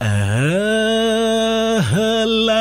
Uh...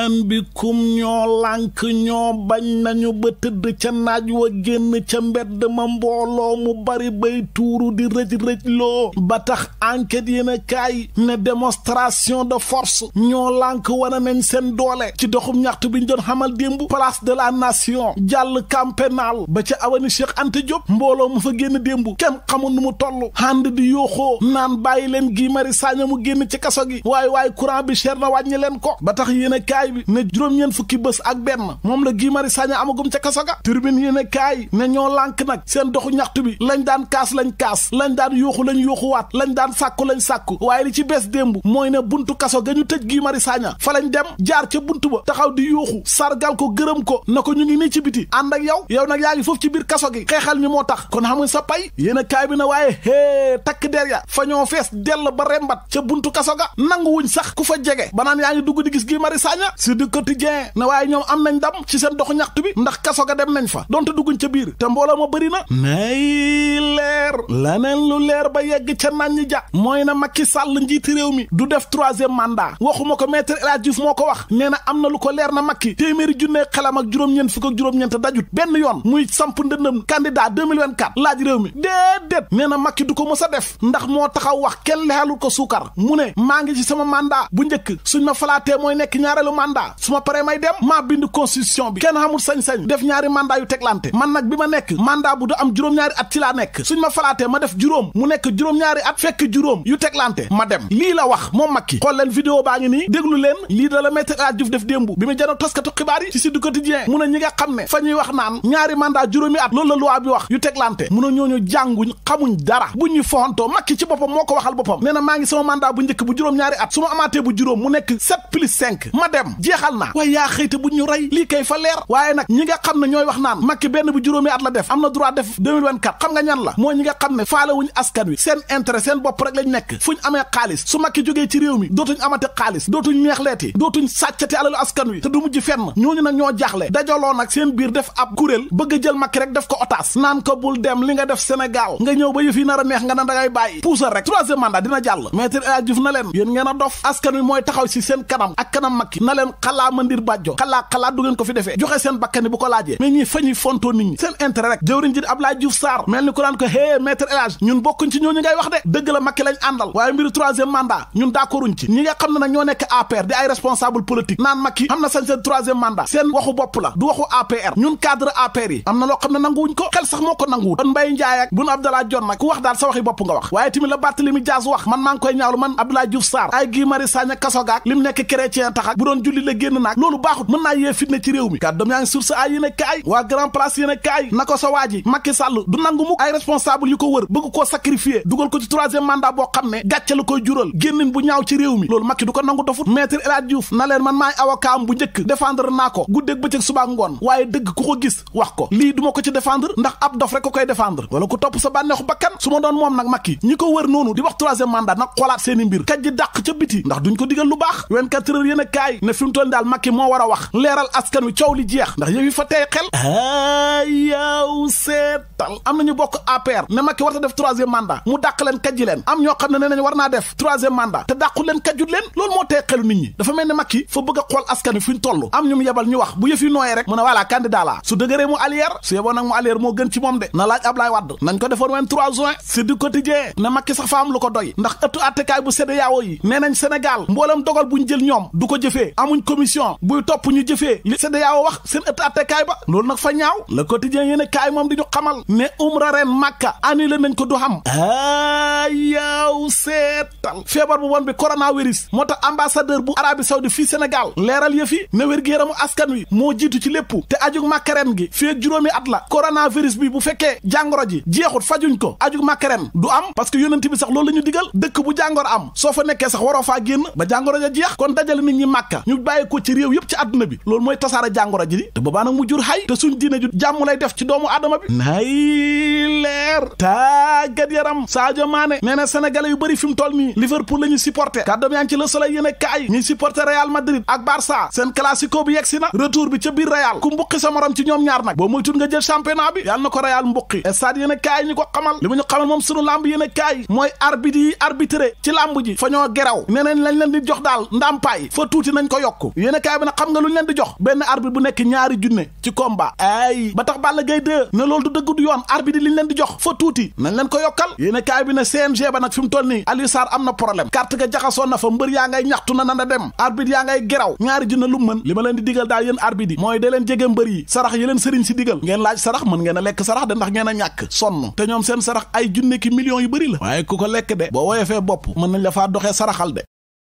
an bikum ñoo lànk ñoo bañ nañu ba tëdd ca naaj wa génn ca mbedd ma mbooloo mu bari bay tuuru di rëj-rëj loo ba tax enquête yéen a kaay ne démonstration de force ñoo lank wane nañ seen doole ci doxum ñaxtu bi ñu doon xamal démb place de la nation jàll camp pénal ba ca avenue Cheikh Anta Diop mbooloo mu fa génn démb kenn xamul nu mu toll ànd di yooxoo naan bàyyi leen Guy Marius Sagna génn ci kaso gi waaye waaye courant bi cher na wàññi leen ko ba tax yéen bi ne juróom-ñeent fukki bés ak benn moom la Guy Marius amagum ca kaso ga turbine yi ne kaay ne ñoo lànk nag seen doxu ñaxtu bi lañ daan kaas lañ kaas lañ daan yuuxu lañ waat lañ daan sàkku lañ sàkku waaye li ci bees démb mooy ne buntu kaso ga ñu tëj Guy Marius Sagna fa lañ dem jaar ca buntu ba taxaw di yuuxu sargal ko gërëm ko na ko ñu ngi nii ci biti ànd ak yow yow nag yaa ngi foofu ci biir kaso gi xeexal ñu moo tax kon xamuñ sa pay yéen a bi na waaye hee takk der ya fa ñoo fees dell ba rembat ca buntu kaso ga nangu wuñ sax ku fa jege banaan yaa ngi dugg di gis Guy Sud Quotidien na waaye ñoom am nañ ndam ci seen doxu ñaxtu bi ndax kaso ga dem nañ fa donte dugguñ ca biir te mbooloo ma bëri na nay leer laneen lu leer ba yegg ca naan ñi ja mooy na makki Sall njiiti réew mi du def troisième mandat waxuma ko maître El Hadji moo ko wax nee na am na lu ko leer na Macky téeméeri junne xelam ak juróom ñent fukk ak juróom-ñeent dajut benn yoon muy samp ndëndëm candidat 2024 laaj réew mi déedéet nee na Macky du ko mës a def ndax moo taxaw wax kenn lexalul ko suukar mu ne maa ngi ci sama mandat bu njëkk suñ ma falaatee mooy nekk ñaareelu mandat mandat su ma paree may dem maa bind constitution bi kenn xamul sañ-sañ def ñaari mandat yu teglante man nag bi ma nekk mandat bu du am juróom-ñaari at ci laa nekk suñ ma falaatee ma def juróom mu nekk juróom-ñaari at juróom yu teglante ma dem lii la wax moom Macky xool leen vidéo baa ngi nii déglu leen lii la Maître El Hadji Diouf bi mu jano taskatu xibaar yi ci Sud Quotidien mu ne ñi nga xam ne fa ñuy wax naan ñaari mandat juróomi at loolu la loi bi wax yu teglante mu ne ñooñu jànguñ xamuñ dara bu ñuy foxantoo Macky ci boppam moo ko waxal boppam na maa ngi sama mandat bu njëkk bu juróom-ñaari at bu juróom mu nekk sept plus cinq ma dem jeexal naa waaye yaa xëyte bu ñu rey lii kay fa leer waaye nag ñi nga xam ne ñooy wax naan Macky benn bu juróomi at la def am na droit def 2024 xam nga ñan la mooy ñi nga xam ne faale wuñu askan wi seen intérêt seen bopp rek lañ nekk fu ñu amee xaalis su Macky jógee ci réew mi dootuñ amate xaalis dootuñ neexleeti dootuñ sàccati alalu askan wi te du mujj fenn ñu nag ñoo jaaxle dajaloo nag seen biir def ab kuréel bëgg jël Macky rek def ko otaas naan ko bul dem li nga def Sénégal nga ñëw ba yëf yi a neex nga naan da ngay bàyyi puusal rek troisième mandat dina na leen yéen ngeen a dof askan mooy taxaw si seen kanam ak kanam Macky na leen xalaa mandir bàjjo xalaa xalaa du ngeen ko fi defee joxe seen bakkani bu ko laajee mais fa ñuy fontoo nit ñi seen intérêt rek jëwriñ ji Abdoulaye Diouf Sarr mel ni ko naan ko hé maître El ñun bokkuñ ci ñooñu ngay wax de dëgg la Macky lañ àndal waaye mbiru troisième mandat ñun d'accorduñ ci ñi nga xam ne nag ñoo nekk APR di ay responsable politique naan Macky am na sañ seen troisième mandat seen waxu bopp la du waxu APR ñun cadre APR yi am na loo la génn naag loolu baaxut mën naa yee fitna ci réew mi kàddoom yaa ngi source ay yéen a kaay waa grand place yéen a kaay na ko sa waa ji Macky Sall du nangu mukk ay responsable yu ko wër bëgg ko sacrifier dugal ko ci troisième mandat boo xam ne gàcce la koy jural génnin bu ñaaw ci réew mi loolu Macky du ko nangu dofut maître El Hadj Diouf na leen man maay avocat am bu njëkk défendre naa ko guddeeg bëccëg subaak ngoon waaye dëgg ku ko gis wax ko lii duma ko ci défendre ndax ab dof rek ko koy défendre wala ku topp sa bànneexu bakkan su ma doon moom nag Macky ñi ko wër noonu di wax troisième mandat nag xoolaat seeni mbir kaj ji dàq ca biti ndax duñ ko digal lu baax 24 heures fi mu toll daal moo war a wax leeral askan wi coow li jeex ndax yow yi fa tey xel a ah, yow seet tal am na ñu bokk APR ne Macky war ta def troisième mandat mu dàq leen kajji leen am ñoo xam ne nee war naa def troisième mandat te dàqu leen kajjut leen loolu moo tee xelu nit ñi dafa mel ne Macky fa bëgg a xool askan wi fi ñu toll am ñu mu yebal ñu wax bu yëf yi nooyee rek mu ne voilà candidat la su dëgëree mu allière su yeboo nag mu allière moo gën ci moom de na laaj Ablaye Wade nañ ko defoon wenn 3 juin c'est du quotidien ne Macky sax fa am ko doy ndax ëttu attekaay bu CEDEAO yi nee nañ ñu jëfee li CEDEAO wax seen ëttu attekaay ba loolu nag fa ñaaw mais umra ren màkka annulé nañ ko du xam a yaaw seetal feebar bu bon bi coronavirus moo tax ambassadeur bu Arabie Saoudite fii Sénégal leeral yëfi ne wér-gu-yaramu askan wi moo jiitu ci lépp te ajug màkka ren gi fii juróomi at la coronavirus bi bu fekkee jàngoro ji jeexut fajuñ ko ajug màkka ren du am parce que yonent bi sax lool la ñu digal dëkk bu jàngoro am soo fa nekkee sax waroo faa génn ba jàngoro ja jeex kon dajale nit ñi màkka ñu bàyyi ko ci réew yëpp ci àdduna bi loolu mooy tasaare jàngoro ji te boobaa nag mu te suñ diine ju jàmm lay def ci doomu aadama bi yi leer tàggat yaram Sadio Mané nee na yu bëri fi mu toll nii Liverpool la ñu supporter yaa ngi ci Le Soleil yéen a kaay ñuy supporter Real Madrid ak Barça seen classico bi yegg si na retour bi ca biir Real ku mbuqi sa ci ñoom ñaar nag boo moytul nga jël championnat bi yàlla na ko Real mbuqi stade yéen a kaay ñu ko xamal li mu ñu xamal moom sunu lamb yéen a kaay mooy arbitre yi arbitré ci lamb fa ñoo geraw neneen lañ leen di jox daal ndàmpaay fa tuuti nañ ko yokk yéen a xam nga luñ leen di jox benn arbitre bu nekk ñaari yoon arbitre liñ leen di jox fo tuuti nañ leen ko yokkal yéen a kaay bi ne CNG mu toll nii Aliou Sarr am na problème carte ga jaxasoon na fa mbër yaa ngay ñaxtu na na dem arbitre yaa ngay geraw ñaari ji na lu mën li ma leen di digal daal yéen arbitre yi mooy dee leen jege mbër yi sarax yi leen sëriñ si digal ngeen laaj sarax mën ngeen a lekk sarax de ndax ngeen ñàkk sonn te ñoom seen sarax ay junne ki millions yu bëri la waaye ku ko lekk de boo woyefee bopp mën nañ la faa doxee saraxal